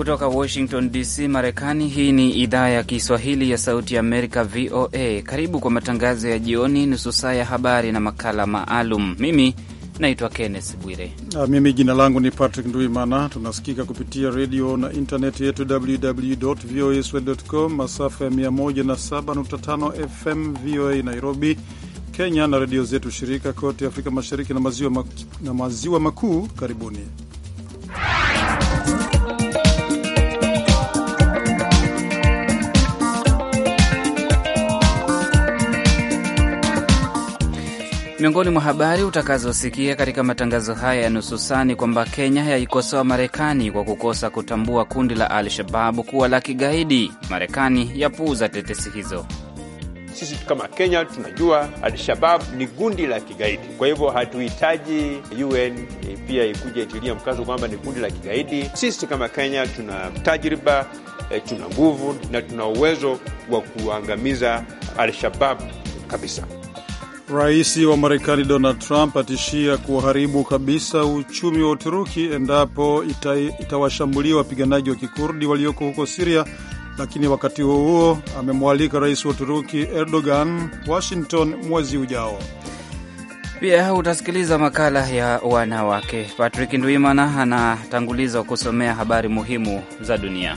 Kutoka Washington DC, Marekani. Hii ni idhaa ya Kiswahili ya Sauti ya Amerika, VOA. Karibu kwa matangazo ya jioni, nusu saa ya habari na makala maalum. Mimi naitwa kennes Bwire. Mimi jina langu ni Patrick Nduimana. Tunasikika kupitia redio na intaneti yetu www voa swahili.com, masafa ya 107.5 FM VOA Nairobi, Kenya, na redio zetu shirika kote Afrika Mashariki na Maziwa, mak na maziwa Makuu. Karibuni. Miongoni mwa habari utakazosikia katika matangazo haya ya nusu saa ni kwamba Kenya yaikosoa Marekani kwa kukosa kutambua kundi la Al-Shababu kuwa la kigaidi. Marekani yapuuza tetesi hizo. Sisi kama Kenya tunajua Al-Shabab ni kundi la kigaidi, kwa hivyo hatuhitaji UN eh, pia ikuja itilia mkazo kwamba ni kundi la kigaidi. Sisi kama Kenya tuna tajriba, eh, tuna nguvu na tuna uwezo wa kuangamiza Al-Shabab kabisa. Rais wa Marekani Donald Trump atishia kuharibu kabisa uchumi wa Uturuki endapo ita, itawashambulia wapiganaji wa kikurdi walioko huko Siria, lakini wakati huo huo amemwalika rais wa Uturuki Erdogan Washington mwezi ujao. Pia utasikiliza makala ya wanawake. Patrick Ndwimana anatanguliza kusomea habari muhimu za dunia.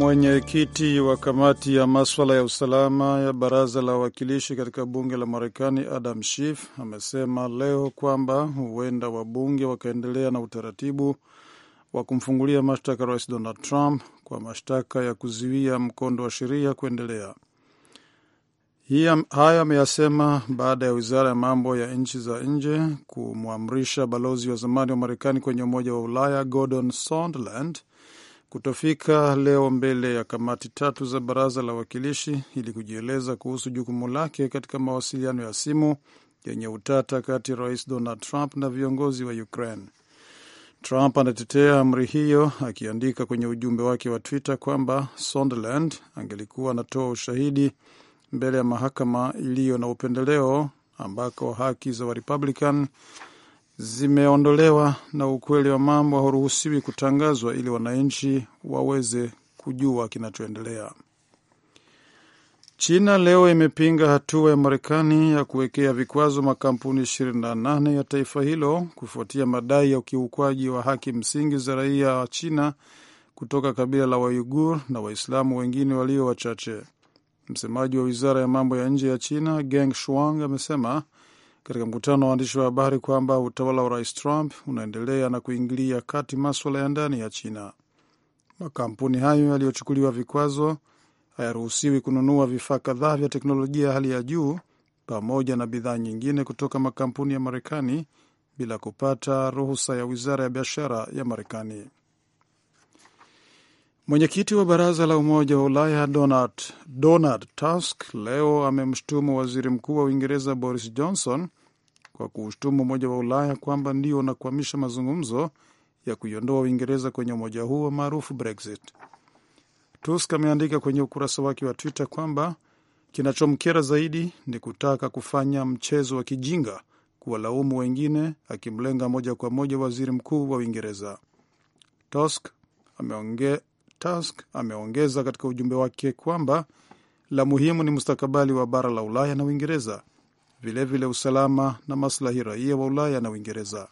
Mwenyekiti wa kamati ya maswala ya usalama ya baraza la wawakilishi katika bunge la Marekani, Adam Schiff amesema leo kwamba huenda wabunge wakaendelea na utaratibu wa kumfungulia mashtaka Rais Donald Trump kwa mashtaka ya kuzuia mkondo wa sheria kuendelea. Haya ameyasema baada ya wizara ya mambo ya nchi za nje kumwamrisha balozi wa zamani wa Marekani kwenye Umoja wa Ulaya Gordon Sondland kutofika leo mbele ya kamati tatu za baraza la wawakilishi ili kujieleza kuhusu jukumu lake katika mawasiliano ya simu yenye utata kati ya rais Donald Trump na viongozi wa Ukraine. Trump anatetea amri hiyo akiandika kwenye ujumbe wake wa Twitter kwamba Sondland angelikuwa anatoa ushahidi mbele ya mahakama iliyo na upendeleo ambako haki za Warepublican zimeondolewa na ukweli wa mambo hauruhusiwi kutangazwa ili wananchi waweze kujua kinachoendelea. China leo imepinga hatua ya Marekani ya kuwekea vikwazo makampuni 28 ya taifa hilo kufuatia madai ya ukiukwaji wa haki msingi za raia wa China kutoka kabila la Waigur na Waislamu wengine walio wachache. Msemaji wa wizara ya mambo ya nje ya China Geng Shuang amesema katika mkutano wa waandishi wa habari kwamba utawala wa rais Trump unaendelea na kuingilia kati maswala ya ndani ya China. Makampuni hayo yaliyochukuliwa vikwazo hayaruhusiwi kununua vifaa kadhaa vya teknolojia ya hali ya juu pamoja na bidhaa nyingine kutoka makampuni ya Marekani bila kupata ruhusa ya wizara ya biashara ya Marekani. Mwenyekiti wa baraza la Umoja wa Ulaya Donald, Donald Tusk leo amemshutumu waziri mkuu wa Uingereza Boris Johnson kwa kuushtumu Umoja wa Ulaya kwamba ndio unakwamisha mazungumzo ya kuiondoa Uingereza kwenye umoja huo maarufu Brexit. Tusk ameandika kwenye ukurasa wake wa Twitter kwamba kinachomkera zaidi ni kutaka kufanya mchezo wa kijinga kuwalaumu wengine, akimlenga moja kwa moja waziri mkuu wa Uingereza. Tusk ameongea Tusk ameongeza katika ujumbe wake kwamba la muhimu ni mustakabali wa bara la Ulaya na Uingereza, vilevile usalama na maslahi raia wa Ulaya na Uingereza.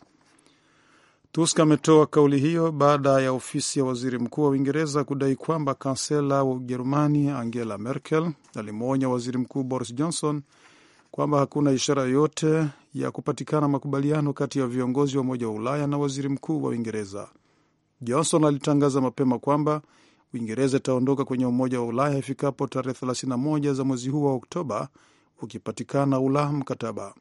Tusk ametoa kauli hiyo baada ya ofisi ya waziri mkuu wa Uingereza kudai kwamba kansela wa Ujerumani Angela Merkel alimwonya waziri mkuu Boris Johnson kwamba hakuna ishara yoyote ya kupatikana makubaliano kati ya viongozi wa Umoja wa Ulaya na waziri mkuu wa Uingereza. Johnson alitangaza mapema kwamba Uingereza itaondoka kwenye Umoja wa Ulaya ifikapo tarehe 31 za mwezi huu wa Oktoba, ukipatikana ula mkataba.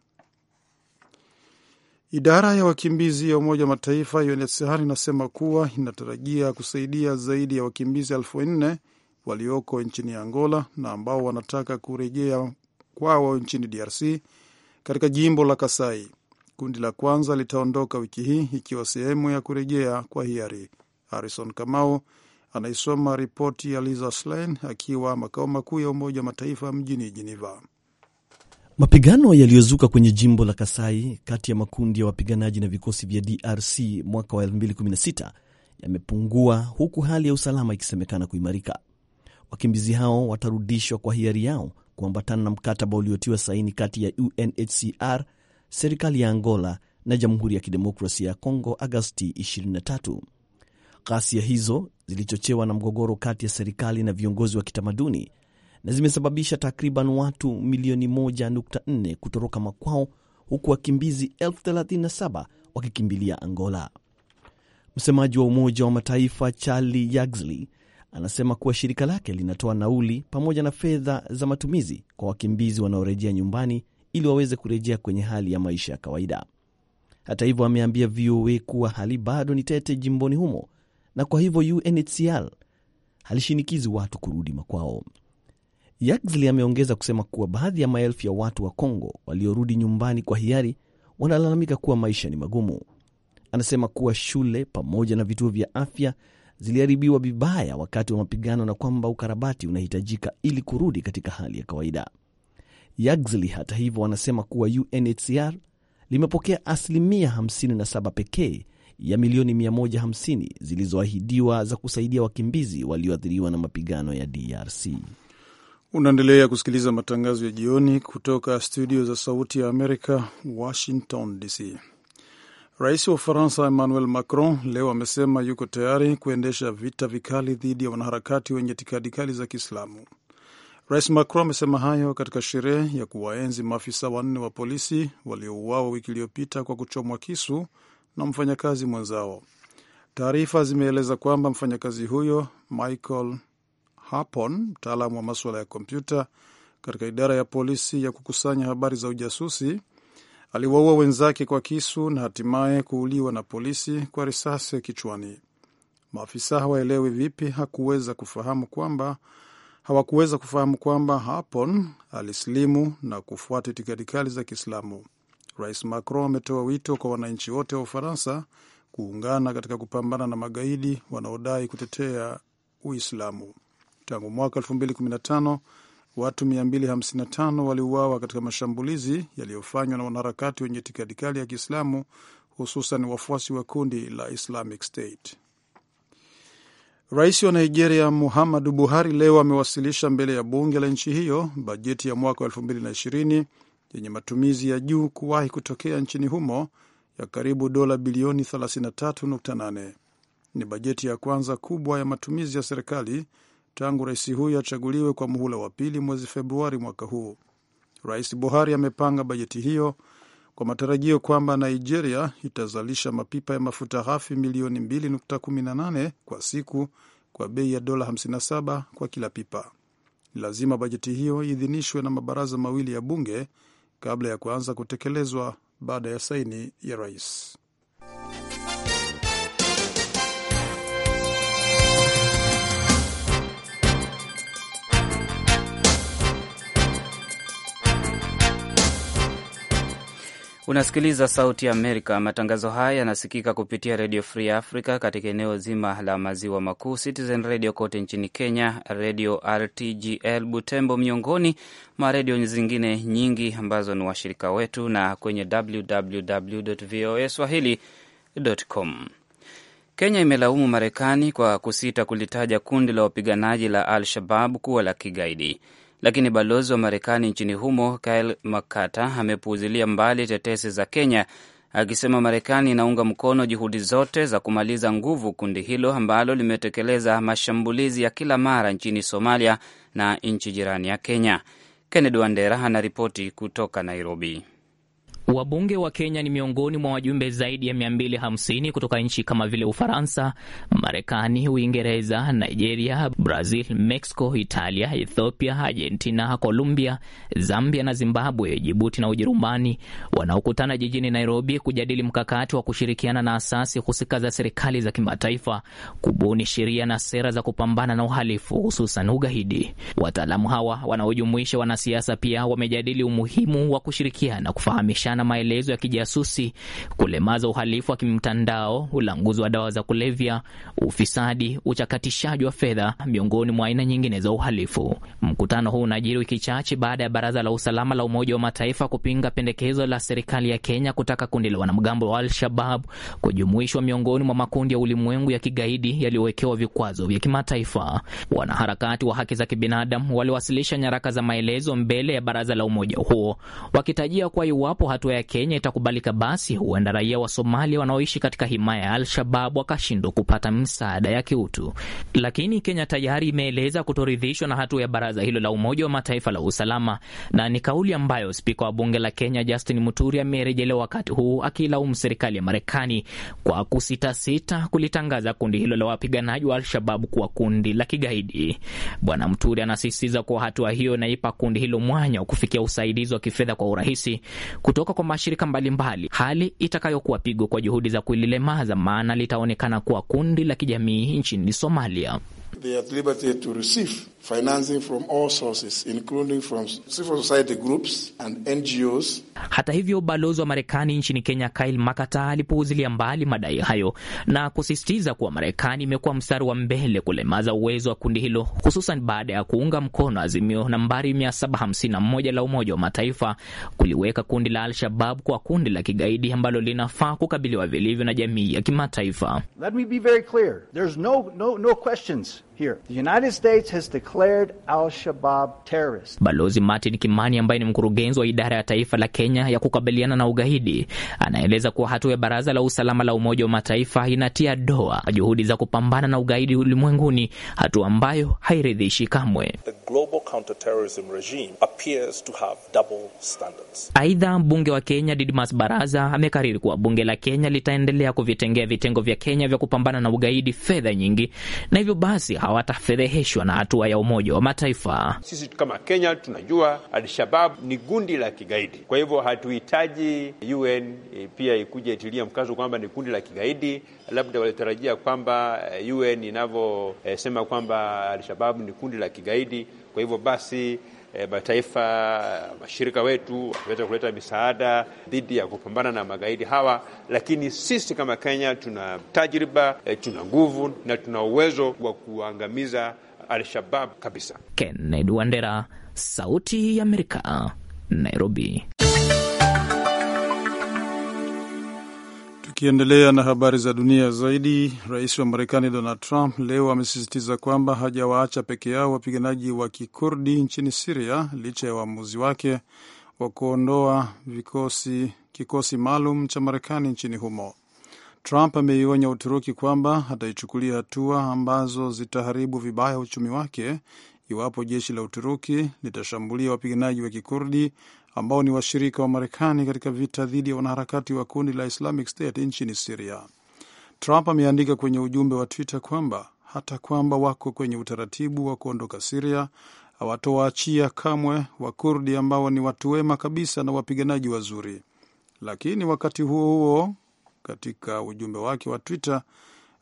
Idara ya wakimbizi ya Umoja wa Mataifa UNHCR inasema kuwa inatarajia kusaidia zaidi ya wakimbizi elfu nne walioko nchini Angola na ambao wanataka kurejea kwao nchini DRC katika jimbo la Kasai. Kundi la kwanza litaondoka wiki hii ikiwa sehemu ya kurejea kwa hiari. Harrison Kamau anaisoma ripoti ya Lisa Schlein akiwa makao makuu ya Umoja wa Mataifa mjini jiniva Mapigano yaliyozuka kwenye jimbo la Kasai kati ya makundi ya wapiganaji na vikosi vya DRC mwaka wa 2016 yamepungua huku hali ya usalama ikisemekana kuimarika. Wakimbizi hao watarudishwa kwa hiari yao kuambatana na mkataba uliotiwa saini kati ya UNHCR serikali ya Angola na Jamhuri ya Kidemokrasia ya Kongo agosti 23. Ghasia hizo zilichochewa na mgogoro kati ya serikali na viongozi wa kitamaduni na zimesababisha takriban watu milioni 1.4 kutoroka makwao huku wakimbizi 37 wakikimbilia Angola. Msemaji wa Umoja wa Mataifa Charlie Yaxley anasema kuwa shirika lake linatoa nauli pamoja na fedha za matumizi kwa wakimbizi wanaorejea nyumbani ili waweze kurejea kwenye hali ya maisha ya kawaida. Hata hivyo, ameambia VOA kuwa hali bado ni tete jimboni humo na kwa hivyo UNHCR halishinikizi watu kurudi makwao. Yaxley ameongeza kusema kuwa baadhi ya maelfu ya watu wa Kongo waliorudi nyumbani kwa hiari wanalalamika kuwa maisha ni magumu. Anasema kuwa shule pamoja na vituo vya afya ziliharibiwa vibaya wakati wa mapigano na kwamba ukarabati unahitajika ili kurudi katika hali ya kawaida. Yagzli hata hivyo, wanasema kuwa UNHCR limepokea asilimia 57 pekee ya milioni 150 zilizoahidiwa za kusaidia wakimbizi walioathiriwa na mapigano ya DRC. Unaendelea kusikiliza matangazo ya jioni kutoka studio za Sauti ya Amerika, Washington DC. Rais wa Ufaransa Emmanuel Macron leo amesema yuko tayari kuendesha vita vikali dhidi ya wanaharakati wenye itikadi kali za Kiislamu. Rais Macron amesema hayo katika sherehe ya kuwaenzi maafisa wanne wa polisi waliouawa wiki iliyopita kwa kuchomwa kisu na mfanyakazi mwenzao. Taarifa zimeeleza kwamba mfanyakazi huyo Michael Harpon, mtaalamu wa masuala ya kompyuta katika idara ya polisi ya kukusanya habari za ujasusi, aliwaua wenzake kwa kisu na hatimaye kuuliwa na polisi kwa risasi kichwani. Maafisa hawaelewi vipi hakuweza kufahamu kwamba hawakuweza kufahamu kwamba Harpon alisilimu na kufuata itikadi kali za Kiislamu. Rais Macron ametoa wito kwa wananchi wote wa Ufaransa kuungana katika kupambana na magaidi wanaodai kutetea Uislamu. Tangu mwaka 2015 watu 255 waliuawa katika mashambulizi yaliyofanywa na wanaharakati wenye itikadi kali ya Kiislamu, hususan wafuasi wa kundi la Islamic State. Rais wa Nigeria Muhammadu Buhari leo amewasilisha mbele ya bunge la nchi hiyo bajeti ya mwaka wa 2020 yenye matumizi ya juu kuwahi kutokea nchini humo ya karibu dola bilioni 33.8. Ni bajeti ya kwanza kubwa ya matumizi ya serikali tangu rais huyo achaguliwe kwa muhula wa pili mwezi Februari mwaka huu. Rais Buhari amepanga bajeti hiyo kwa matarajio kwamba Nigeria itazalisha mapipa ya mafuta ghafi milioni 2.18 kwa siku kwa bei ya dola 57 kwa kila pipa. Ni lazima bajeti hiyo iidhinishwe na mabaraza mawili ya bunge kabla ya kuanza kutekelezwa baada ya saini ya rais. Unasikiliza Sauti ya Amerika. Matangazo haya yanasikika kupitia Redio Free Africa katika eneo zima la maziwa makuu, Citizen radio kote nchini Kenya, Redio RTGL Butembo, miongoni mwa redio zingine nyingi ambazo ni washirika wetu, na kwenye www voa swahili.com. Kenya imelaumu Marekani kwa kusita kulitaja kundi la wapiganaji la Al Shabab kuwa la kigaidi lakini balozi wa Marekani nchini humo Kyle Makata amepuuzilia mbali tetesi za Kenya akisema Marekani inaunga mkono juhudi zote za kumaliza nguvu kundi hilo ambalo limetekeleza mashambulizi ya kila mara nchini Somalia na nchi jirani ya Kenya. Kennedy Wandera anaripoti kutoka Nairobi. Wabunge wa Kenya ni miongoni mwa wajumbe zaidi ya 250 kutoka nchi kama vile Ufaransa, Marekani, Uingereza, Nigeria, Brazil, Mexico, Italia, Ethiopia, Argentina, Colombia, Zambia na Zimbabwe, Jibuti na Ujerumani, wanaokutana jijini Nairobi kujadili mkakati wa kushirikiana na asasi husika za serikali za kimataifa kubuni sheria na sera za kupambana na uhalifu, hususan ugaidi. Wataalamu hawa wanaojumuisha wanasiasa pia wamejadili umuhimu wa kushirikiana kufahamishana na maelezo ya kijasusi, kulemaza uhalifu wa kimtandao, ulanguzi wa dawa za kulevya, ufisadi, uchakatishaji wa fedha, miongoni mwa aina nyingine za uhalifu. Mkutano huu unajiri wiki chache baada ya Baraza la Usalama la Umoja wa Mataifa kupinga pendekezo la serikali ya Kenya kutaka kundi la wanamgambo wa Al-Shabab kujumuishwa miongoni mwa makundi ya ulimwengu ya kigaidi yaliyowekewa vikwazo vya kimataifa. Wanaharakati wa haki za kibinadamu waliwasilisha nyaraka za maelezo mbele ya baraza la umoja huo wakitajia kuwa iwapo hatu hatua ya Kenya itakubalika, basi huenda raia wa Somalia wanaoishi katika himaya ya Al-Shabab wakashindwa kupata msaada ya kiutu. Lakini Kenya tayari imeeleza kutoridhishwa na hatua ya baraza hilo la Umoja wa Mataifa la usalama, na ni kauli ambayo spika wa bunge la Kenya Justin Muturi amerejelea wakati huu akilaumu serikali ya Marekani kwa kusitasita kulitangaza kundi hilo la wapiganaji wa Al-Shabab kuwa kundi la kigaidi. Bwana Muturi anasisitiza kuwa hatua hiyo inaipa kundi hilo mwanya wa kufikia usaidizi wa kifedha kwa urahisi kutoka kwa mashirika mbalimbali, hali itakayokuwa pigo kwa juhudi za kulilemaza, maana litaonekana kuwa kundi la kijamii nchini Somalia. They financing from all sources, including from civil society groups and NGOs. Hata hivyo, balozi wa Marekani nchini Kenya Kyle Makata alipouzilia mbali madai hayo na kusisitiza kuwa Marekani imekuwa mstari wa mbele kulemaza uwezo wa kundi hilo, hususan baada ya kuunga mkono azimio nambari 751 la Umoja wa Mataifa kuliweka kundi la Al-Shabab kwa kundi la kigaidi ambalo linafaa kukabiliwa vilivyo na jamii ya kimataifa. Let me be very clear. There's no, no, no questions here. The United States has declared declared al terrorist. Balozi Martin Kimani ambaye ni mkurugenzi wa idara ya taifa la Kenya ya kukabiliana na ugaidi anaeleza kuwa hatua ya Baraza la Usalama la Umoja wa Mataifa inatia doa juhudi za kupambana na ugaidi ulimwenguni, hatua ambayo hairidhishi kamwe. Aidha, mbunge wa Kenya Didmas Baraza amekariri kuwa bunge la Kenya litaendelea kuvitengea vitengo vya Kenya vya kupambana na ugaidi fedha nyingi, na hivyo basi hawatafedheheshwa na hatua ya Umoja wa Mataifa. Sisi kama Kenya tunajua Al-Shabab ni gundi la kigaidi, kwa hivyo hatuhitaji UN eh, pia ikuja itilia mkazo kwamba ni kundi la kigaidi. Labda walitarajia kwamba eh, UN inavyosema eh, kwamba al ni kundi la kigaidi, kwa hivyo basi mataifa mashirika wetu waweza kuleta misaada dhidi ya kupambana na magaidi hawa. Lakini sisi kama Kenya tuna tajriba, tuna nguvu na tuna uwezo wa kuangamiza Al-Shabab kabisa. Kennedy Wandera, Sauti ya Amerika, Nairobi. Tukiendelea na habari za dunia zaidi, rais wa Marekani Donald Trump leo amesisitiza kwamba hajawaacha peke yao wapiganaji wa kikurdi nchini Siria licha ya uamuzi wake wa kuondoa vikosi kikosi maalum cha Marekani nchini humo. Trump ameionya Uturuki kwamba ataichukulia hatua ambazo zitaharibu vibaya uchumi wake iwapo jeshi la Uturuki litashambulia wapiganaji wa Kikurdi ambao ni washirika wa Marekani katika vita dhidi ya wanaharakati wa kundi la Islamic State nchini Siria. Trump ameandika kwenye ujumbe wa Twitter kwamba hata kwamba wako kwenye utaratibu wa kuondoka Siria, hawatowaachia kamwe Wakurdi ambao ni watu wema kabisa na wapiganaji wazuri. Lakini wakati huo huo katika ujumbe wake wa Twitter,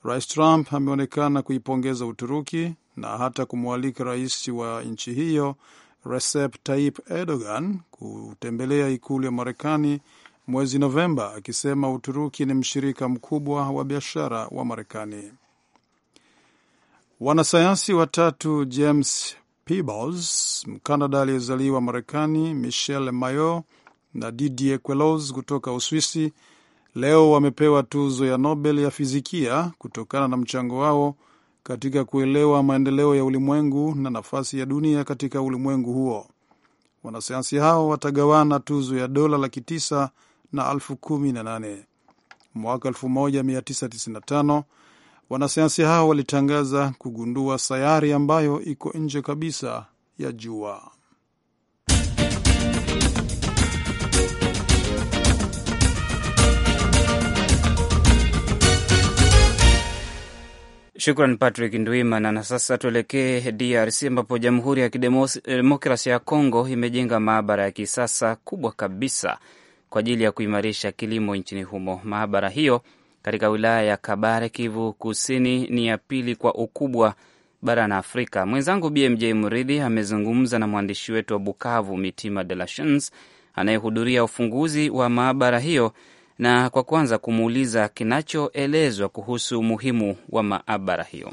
Rais Trump ameonekana kuipongeza Uturuki na hata kumwalika rais wa nchi hiyo Recep Tayyip Erdogan kutembelea ikulu ya Marekani mwezi Novemba, akisema Uturuki ni mshirika mkubwa wa biashara wa Marekani. Wanasayansi watatu James Peebles, Mkanada aliyezaliwa Marekani, Michel Mayor na Didier Queloz kutoka Uswisi leo wamepewa tuzo ya Nobel ya fizikia kutokana na mchango wao katika kuelewa maendeleo ya ulimwengu na nafasi ya dunia katika ulimwengu huo. Wanasayansi hao watagawana tuzo ya dola laki tisa na elfu kumi na nane. Mwaka 1995 wanasayansi hao walitangaza kugundua sayari ambayo iko nje kabisa ya jua. Shukran Patrick Ndwimana. Na sasa tuelekee DRC ambapo Jamhuri ya Kidemokrasia eh, ya congo imejenga maabara ya kisasa kubwa kabisa kwa ajili ya kuimarisha kilimo nchini humo. Maabara hiyo katika wilaya ya Kabare, Kivu Kusini, ni ya pili kwa ukubwa barani Afrika. Mwenzangu BMJ Muridhi amezungumza na mwandishi wetu wa Bukavu, Mitima De La Chans, anayehudhuria ufunguzi wa maabara hiyo na kwa kwanza kumuuliza kinachoelezwa kuhusu umuhimu wa maabara hiyo.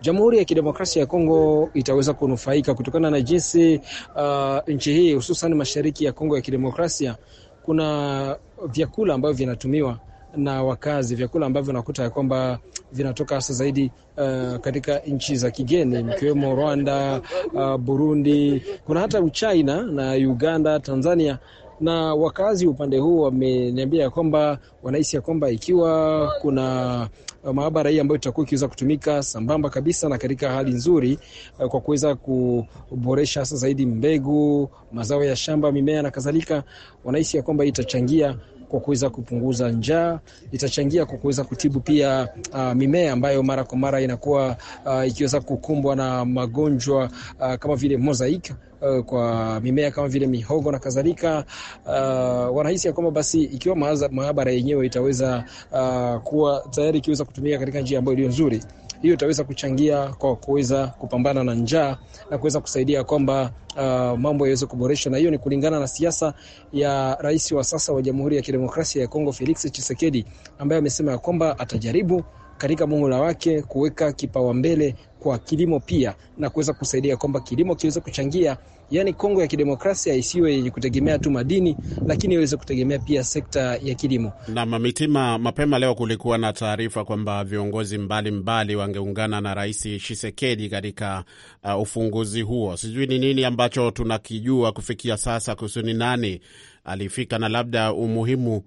Jamhuri ya Kidemokrasia ya Kongo itaweza kunufaika kutokana na jinsi uh, nchi hii hususan mashariki ya Kongo ya Kidemokrasia kuna vyakula ambavyo vinatumiwa na wakazi, vyakula ambavyo nakuta ya kwamba vinatoka hasa zaidi uh, katika nchi za kigeni mkiwemo Rwanda, uh, Burundi, kuna hata Uchina na Uganda, Tanzania na wakazi upande huu wameniambia ya kwamba wanahisi ya kwamba ikiwa kuna uh, maabara hii ambayo itakuwa ikiweza kutumika sambamba kabisa na katika hali nzuri uh, kwa kuweza kuboresha hasa zaidi mbegu, mazao ya shamba, mimea na kadhalika, wanahisi ya kwamba itachangia kwa kuweza kupunguza njaa, itachangia kwa kuweza kutibu pia uh, mimea ambayo mara kwa mara inakuwa uh, ikiweza kukumbwa na magonjwa uh, kama vile mozaika uh, kwa mimea kama vile mihogo na kadhalika. Uh, wanahisi ya kwamba basi ikiwa maabara yenyewe itaweza uh, kuwa tayari ikiweza kutumika katika njia ambayo iliyo nzuri hiyo itaweza kuchangia kwa kuweza kupambana na njaa na kuweza kusaidia kwamba uh, mambo yaweze kuboresha na hiyo ni kulingana na siasa ya rais wa sasa wa Jamhuri ya Kidemokrasia ya Kongo Felix Tshisekedi, ambaye amesema ya kwamba atajaribu katika muhula wake kuweka kipawa mbele kwa kilimo pia na kuweza kusaidia kwamba kilimo kiweze kuchangia, yani Kongo ya kidemokrasia isiwe yenye kutegemea tu madini, lakini iweze kutegemea pia sekta ya kilimo. Na mamitima, mapema leo kulikuwa na taarifa kwamba viongozi mbalimbali wangeungana na Rais Tshisekedi katika uh, ufunguzi huo. Sijui ni nini ambacho tunakijua kufikia sasa kuhusu ni nani alifika na labda umuhimu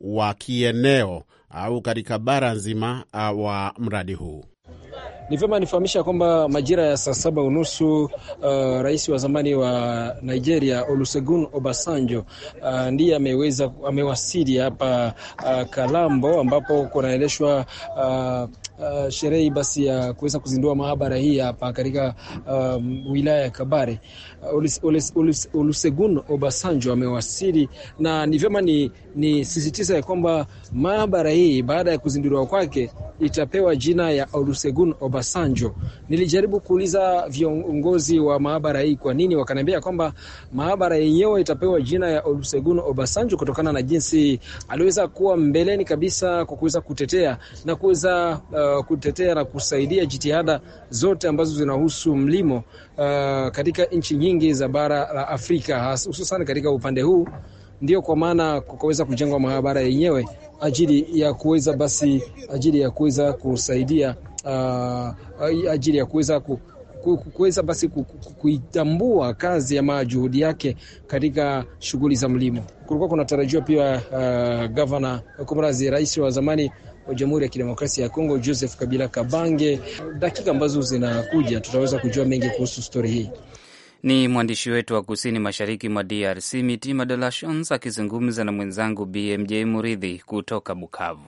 wa kieneo au katika bara nzima uh, wa mradi huu. Ni vyema nifahamisha kwamba majira ya saa saba unusu uh, rais wa zamani wa Nigeria Olusegun Obasanjo uh, ndiye ameweza amewasili hapa uh, Kalambo ambapo kunaendeshwa uh, uh, sherehe basi ya uh, kuweza kuzindua maabara hii hapa katika um, wilaya ya Kabare. Uh, Olusegun Obasanjo amewasili na ni vyema ni, ni sisitiza ya kwamba maabara hii baada ya kuzinduliwa kwake itapewa jina ya Olusegun Olusegun Obasanjo. Nilijaribu kuuliza viongozi wa maabara hii kwa nini, wakaniambia kwamba maabara yenyewe itapewa jina ya Olusegun Obasanjo kutokana na jinsi aliweza kuwa mbeleni kabisa kwa kuweza kutetea na kuweza uh, kutetea na kusaidia jitihada zote ambazo zinahusu mlimo uh, katika nchi nyingi za bara la Afrika hususan katika upande huu ndio kwa maana kukaweza kujengwa maabara yenyewe ajili ya kuweza basi ajili ya kuweza kusaidia Uh, uh, ajili ya kuweza ku, kuweza basi kuitambua kazi ama juhudi yake katika shughuli za mlimo. Kulikuwa kunatarajiwa pia uh, gavana kumrazi rais wa zamani wa Jamhuri ya Kidemokrasia ya Kongo Joseph Kabila Kabange. Dakika ambazo zinakuja tutaweza kujua mengi kuhusu stori hii. Ni mwandishi wetu wa kusini mashariki mwa DRC Mitima de la Shons akizungumza na mwenzangu BMJ Muridhi kutoka Bukavu.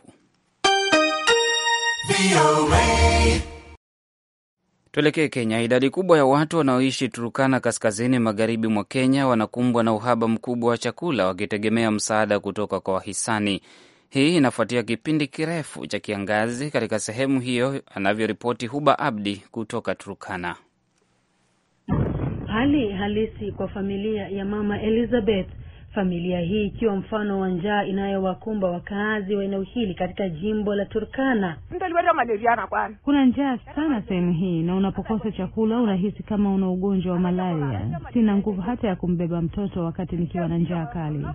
Tuelekee Kenya. Idadi kubwa ya watu wanaoishi Turukana, kaskazini magharibi mwa Kenya, wanakumbwa na uhaba mkubwa wa chakula, wakitegemea msaada kutoka kwa wahisani. Hii inafuatia kipindi kirefu cha kiangazi katika sehemu hiyo, anavyoripoti Huba Abdi kutoka Turukana. Hali halisi kwa familia ya Mama Elizabeth Familia hii ikiwa mfano wa njaa inayowakumba wakaazi wa eneo hili katika jimbo la Turkana. Kuna njaa sana sehemu hii, na unapokosa chakula unahisi kama una ugonjwa wa malaria. Sina nguvu hata ya kumbeba mtoto wakati nikiwa na njaa kali.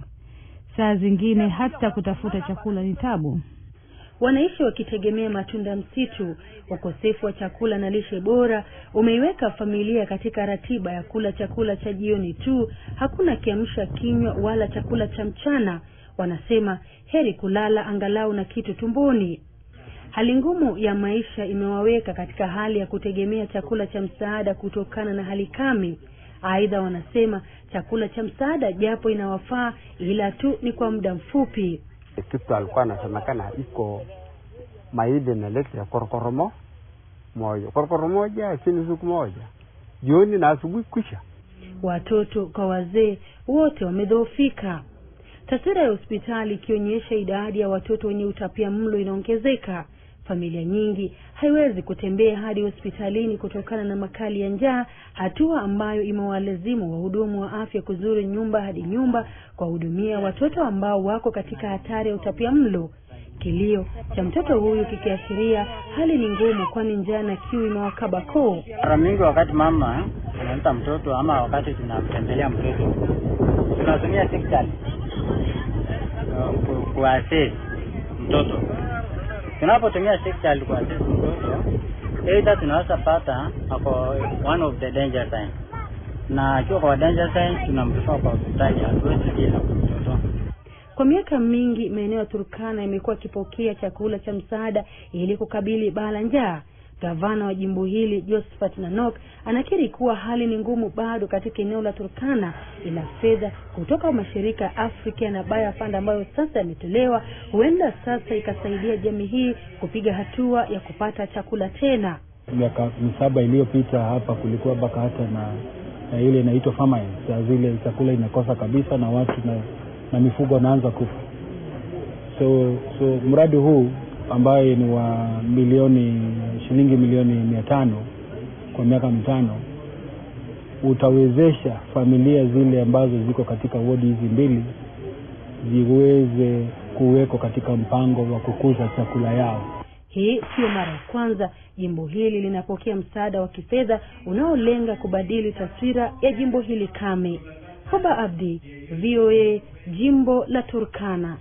Saa zingine hata kutafuta chakula ni tabu wanaishi wakitegemea matunda msitu. Ukosefu wa chakula na lishe bora umeiweka familia katika ratiba ya kula chakula cha jioni tu, hakuna kiamsha kinywa wala chakula cha mchana. Wanasema heri kulala angalau na kitu tumboni. Hali ngumu ya maisha imewaweka katika hali ya kutegemea chakula cha msaada kutokana na hali kame. Aidha, wanasema chakula cha msaada japo inawafaa ila tu ni kwa muda mfupi. Kipto alikuwa anasemekana iko maili inaleta korokoromo moja korokoro moja lakini siku moja jioni na asubuhi kisha. Watoto kwa wazee wote wamedhoofika, taswira ya hospitali ikionyesha idadi ya watoto wenye utapia mlo inaongezeka. Familia nyingi haiwezi kutembea hadi hospitalini kutokana na makali ya njaa, hatua ambayo imewalazimu wahudumu wa afya kuzuru nyumba hadi nyumba kuwahudumia watoto ambao wako katika hatari ya utapia mlo Kilio cha mtoto huyu kikiashiria hali ni ngumu, kwani njaa na kiu imewakaba koo. Mara mingi wakati mama tunampa mtoto ama wakati tunamtembelea mtoto tunatumia sekta eh, kuasesi mtoto tunapotumia six child kwa consortium, either tunaweza pata ako one of the danger sign, na akiwa kwa danger sign tunamtoa kwa hospitali, hatuwezi bila kumtotoa. Kwa miaka mingi maeneo ya Turkana imekuwa ikipokea chakula cha msaada ili kukabili baa la njaa. Gavana wa jimbo hili Josephat Nanok anakiri kuwa hali ni ngumu bado katika eneo la Turkana, ila fedha kutoka mashirika ya Afrika na Baya Fund ambayo sasa yametolewa huenda sasa ikasaidia jamii hii kupiga hatua ya kupata chakula tena. Miaka misaba iliyopita hapa kulikuwa mpaka hata na, na ile inaitwa famine, zile chakula inakosa kabisa na watu na, na mifugo wanaanza kufa. So, so mradi huu ambaye ni wa milioni shilingi milioni mia tano kwa miaka mitano utawezesha familia zile ambazo ziko katika wodi hizi mbili ziweze kuwekwa katika mpango wa kukuza chakula yao. Hii sio mara ya kwanza jimbo hili linapokea msaada wa kifedha unaolenga kubadili taswira ya jimbo hili kame. Hoba Abdi, VOA, jimbo la Turkana.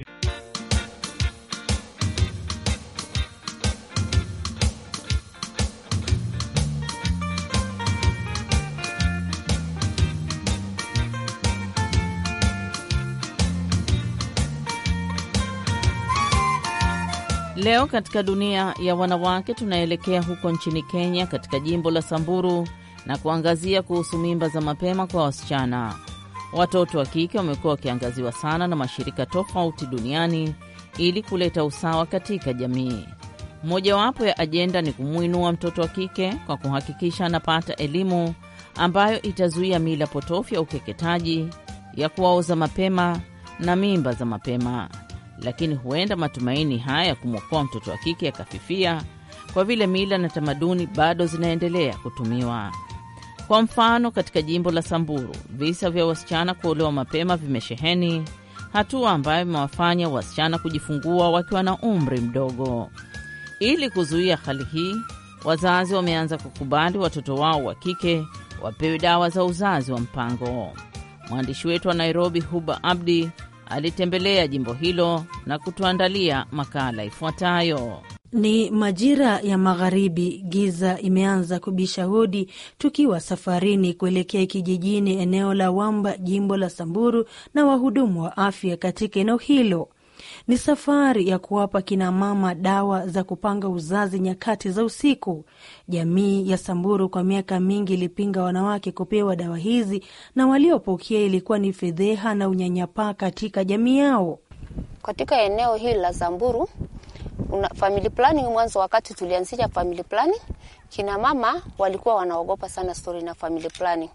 Leo katika dunia ya wanawake, tunaelekea huko nchini Kenya, katika jimbo la Samburu na kuangazia kuhusu mimba za mapema kwa wasichana. Watoto wa kike wamekuwa wakiangaziwa sana na mashirika tofauti duniani ili kuleta usawa katika jamii. Mojawapo ya ajenda ni kumwinua mtoto wa kike kwa kuhakikisha anapata elimu ambayo itazuia mila potofu ya ukeketaji, ya kuwaoza mapema na mimba za mapema lakini huenda matumaini haya ya kumwokoa mtoto wa kike yakafifia kwa vile mila na tamaduni bado zinaendelea kutumiwa. Kwa mfano, katika jimbo la Samburu visa vya wasichana kuolewa mapema vimesheheni, hatua ambayo imewafanya wasichana kujifungua wakiwa na umri mdogo. Ili kuzuia hali hii, wazazi wameanza kukubali watoto wao wa kike wapewe dawa za uzazi wa mpango. Mwandishi wetu wa Nairobi, Huba Abdi, alitembelea jimbo hilo na kutuandalia makala ifuatayo. Ni majira ya magharibi, giza imeanza kubisha hodi. Tukiwa safarini kuelekea kijijini eneo la Wamba, jimbo la Samburu, na wahudumu wa afya katika eneo hilo ni safari ya kuwapa kina mama dawa za kupanga uzazi nyakati za usiku. Jamii ya Samburu kwa miaka mingi ilipinga wanawake kupewa dawa hizi, na waliopokea ilikuwa ni fedheha na unyanyapaa katika jamii yao. Katika eneo hili la Samburu una family planning. Mwanzo wakati tulianzisha family planning, kina mama walikuwa wanaogopa sana stori na family planning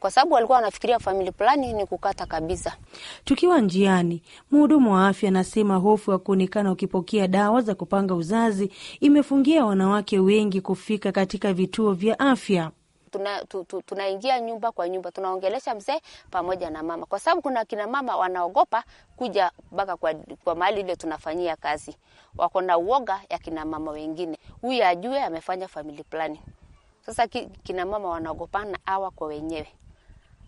kwa sababu walikuwa wanafikiria family planning ni kukata kabisa. Tukiwa njiani, mhudumu wa afya anasema hofu ya kuonekana ukipokea dawa za kupanga uzazi imefungia wanawake wengi kufika katika vituo vya afya. Tunaingia tu, tu, tuna nyumba kwa nyumba, tunaongelesha mzee pamoja na mama, kwa sababu kuna kina mama wanaogopa kuja mpaka kwa, kwa mahali ile tunafanyia kazi, wako na uoga ya kina mama wengine, huyu ajue amefanya family planning. Sasa ki, kina mama wanaogopana hawa kwa wenyewe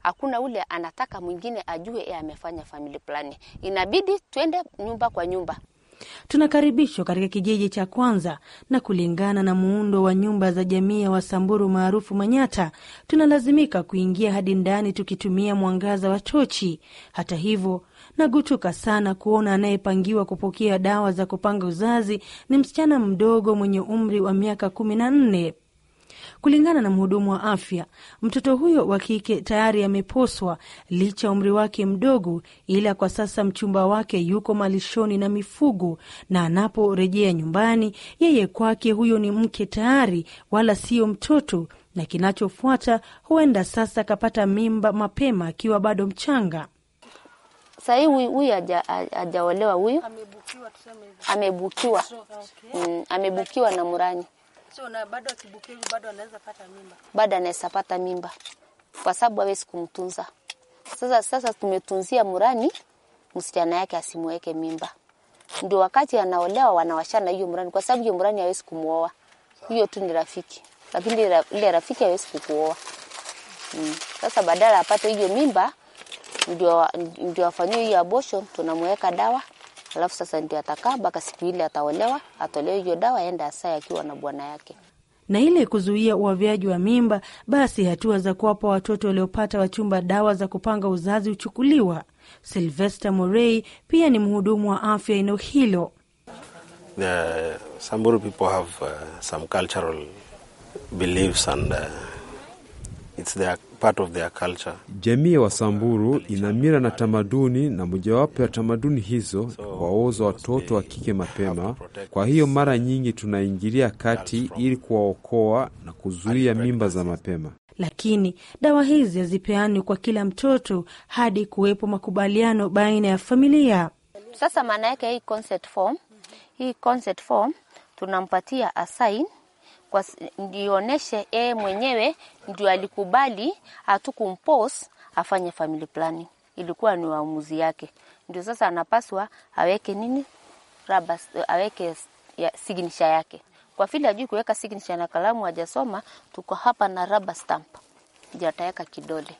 hakuna ule anataka mwingine ajue yeye amefanya family planning. Inabidi twende nyumba kwa nyumba. Tunakaribishwa katika kijiji cha kwanza, na kulingana na muundo wa nyumba za jamii ya Wasamburu maarufu Manyata, tunalazimika kuingia hadi ndani tukitumia mwangaza wa tochi. Hata hivyo, nagutuka sana kuona anayepangiwa kupokea dawa za kupanga uzazi ni msichana mdogo mwenye umri wa miaka kumi na nne. Kulingana na mhudumu wa afya, mtoto huyo wa kike tayari ameposwa licha ya umri wake mdogo, ila kwa sasa mchumba wake yuko malishoni na mifugo, na anaporejea nyumbani, yeye kwake huyo ni mke tayari, wala siyo mtoto na kinachofuata huenda sasa akapata mimba mapema akiwa bado mchanga. Sahii huyu huyu hajaolewa, huyu amebukiwa, amebukiwa, okay. Mm, amebukiwa na Murani So, na bado akibukia bado anaweza pata mimba, bado anaweza pata mimba kwa sababu hawezi kumtunza. Sasa sasa tumetunzia murani msichana yake asimweke mimba, ndio wakati anaolewa wanawashana hiyo murani, kwa sababu hiyo murani hawezi kumuoa, hiyo tu ni rafiki, lakini ile rafiki hawezi kukuoa mm. Sasa badala apate hiyo mimba ndio ndio afanyie hiyo abortion, tunamweka dawa alafu sasa ndio atakaa mpaka siku ile ataolewa, atolewe hiyo dawa, aende asae akiwa na bwana yake na ile kuzuia uavyaji wa mimba, basi hatua za kuwapa watoto waliopata wachumba dawa za kupanga uzazi huchukuliwa. Silvester Morei pia ni mhudumu wa afya eneo hilo. Uh, It's their, part of their culture. Jamii ya Wasamburu ina mira na tamaduni, na mojawapo ya tamaduni hizo kuwaoza watoto wa kike mapema. Kwa hiyo mara nyingi tunaingilia kati ili kuwaokoa na kuzuia mimba za mapema. Lakini dawa hizi hazipeani kwa kila mtoto hadi kuwepo makubaliano baina ya familia. Sasa maana yake hii consent form, hii consent form tunampatia asaini kwa ndionyeshe yeye mwenyewe ndio alikubali, hatukumpose afanye family planning, ilikuwa ni waamuzi yake. Ndio sasa anapaswa aweke nini, raba aweke ya signature yake. Kwa vile ajui kuweka signature na kalamu, hajasoma, tuko hapa na raba stamp, ndio ataweka kidole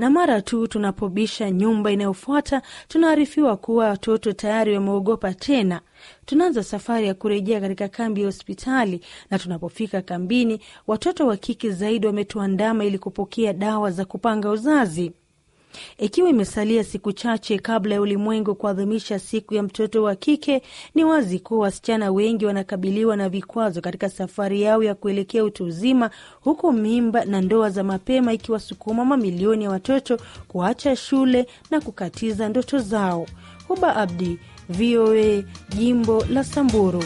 na mara tu tunapobisha nyumba inayofuata tunaarifiwa kuwa watoto tayari wameogopa tena. Tunaanza safari ya kurejea katika kambi ya hospitali, na tunapofika kambini, watoto wa kike zaidi wametuandama ili kupokea dawa za kupanga uzazi. Ikiwa imesalia siku chache kabla ya ulimwengu kuadhimisha siku ya mtoto wa kike, ni wazi kuwa wasichana wengi wanakabiliwa na vikwazo katika safari yao ya kuelekea utu uzima, huku mimba na ndoa za mapema ikiwasukuma mamilioni ya watoto kuacha shule na kukatiza ndoto zao. Huba Abdi, VOA, jimbo la Samburu.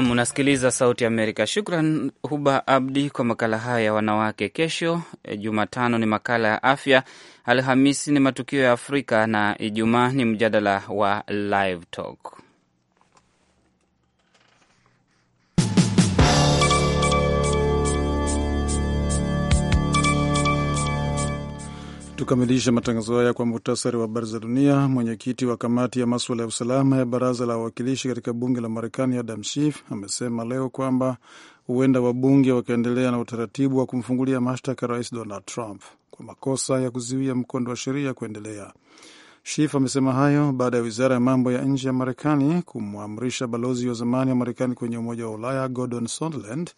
Nam, unasikiliza Sauti Amerika. Shukran Huba Abdi kwa makala haya ya wanawake. Kesho e, Jumatano ni makala ya afya, Alhamisi ni matukio ya Afrika na Ijumaa ni mjadala wa Live Talk. Tukamilishe matangazo haya kwa muhtasari wa habari za dunia. Mwenyekiti wa kamati ya maswala ya usalama ya baraza la wawakilishi katika bunge la Marekani, Adam Schiff amesema leo kwamba huenda wabunge wakaendelea na utaratibu wa kumfungulia mashtaka Rais Donald Trump kwa makosa ya kuzuia mkondo wa sheria kuendelea. Shif amesema hayo baada ya wizara ya mambo ya nje ya Marekani kumwamrisha balozi wa zamani wa Marekani kwenye Umoja wa Ulaya Gordon Sondland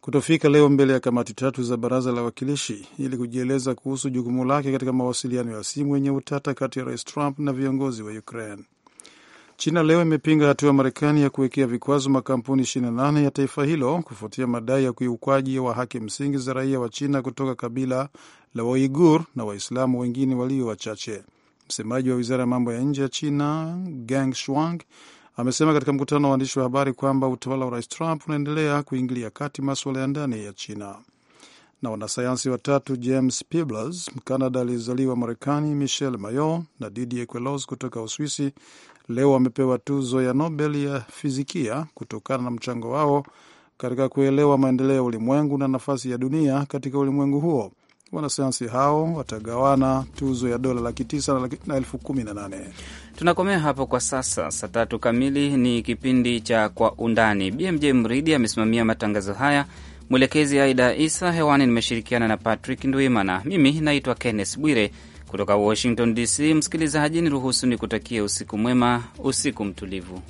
kutofika leo mbele ya kamati tatu za baraza la wawakilishi ili kujieleza kuhusu jukumu lake katika mawasiliano ya simu yenye utata kati ya rais Trump na viongozi wa Ukraine. China leo imepinga hatua ya Marekani ya kuwekea vikwazo makampuni 28 ya taifa hilo kufuatia madai ya kiukwaji wa haki msingi za raia wa China kutoka kabila la Waigur na Waislamu wengine walio wachache. Msemaji wa wizara ya mambo ya nje ya China Geng Shuang amesema katika mkutano wa waandishi wa habari kwamba utawala wa rais Trump unaendelea kuingilia kati maswala ya ndani ya China. Na wanasayansi watatu James Peebles, Mkanada aliyezaliwa Marekani, Michel Mayor na Didier Queloz kutoka Uswisi, leo wamepewa tuzo ya Nobel ya fizikia kutokana na mchango wao katika kuelewa maendeleo ya ulimwengu na nafasi ya dunia katika ulimwengu huo Wanasayansi hao watagawana tuzo ya dola laki tisa na elfu kumi na nane. Tunakomea hapo kwa sasa. Saa tatu kamili ni kipindi cha Kwa Undani. BMJ Mridi amesimamia matangazo haya, mwelekezi Aida Isa. Hewani nimeshirikiana na Patrick Ndwimana. Mimi naitwa Kenneth Bwire kutoka Washington DC. Msikilizaji, niruhusu ni kutakia usiku mwema, usiku mtulivu.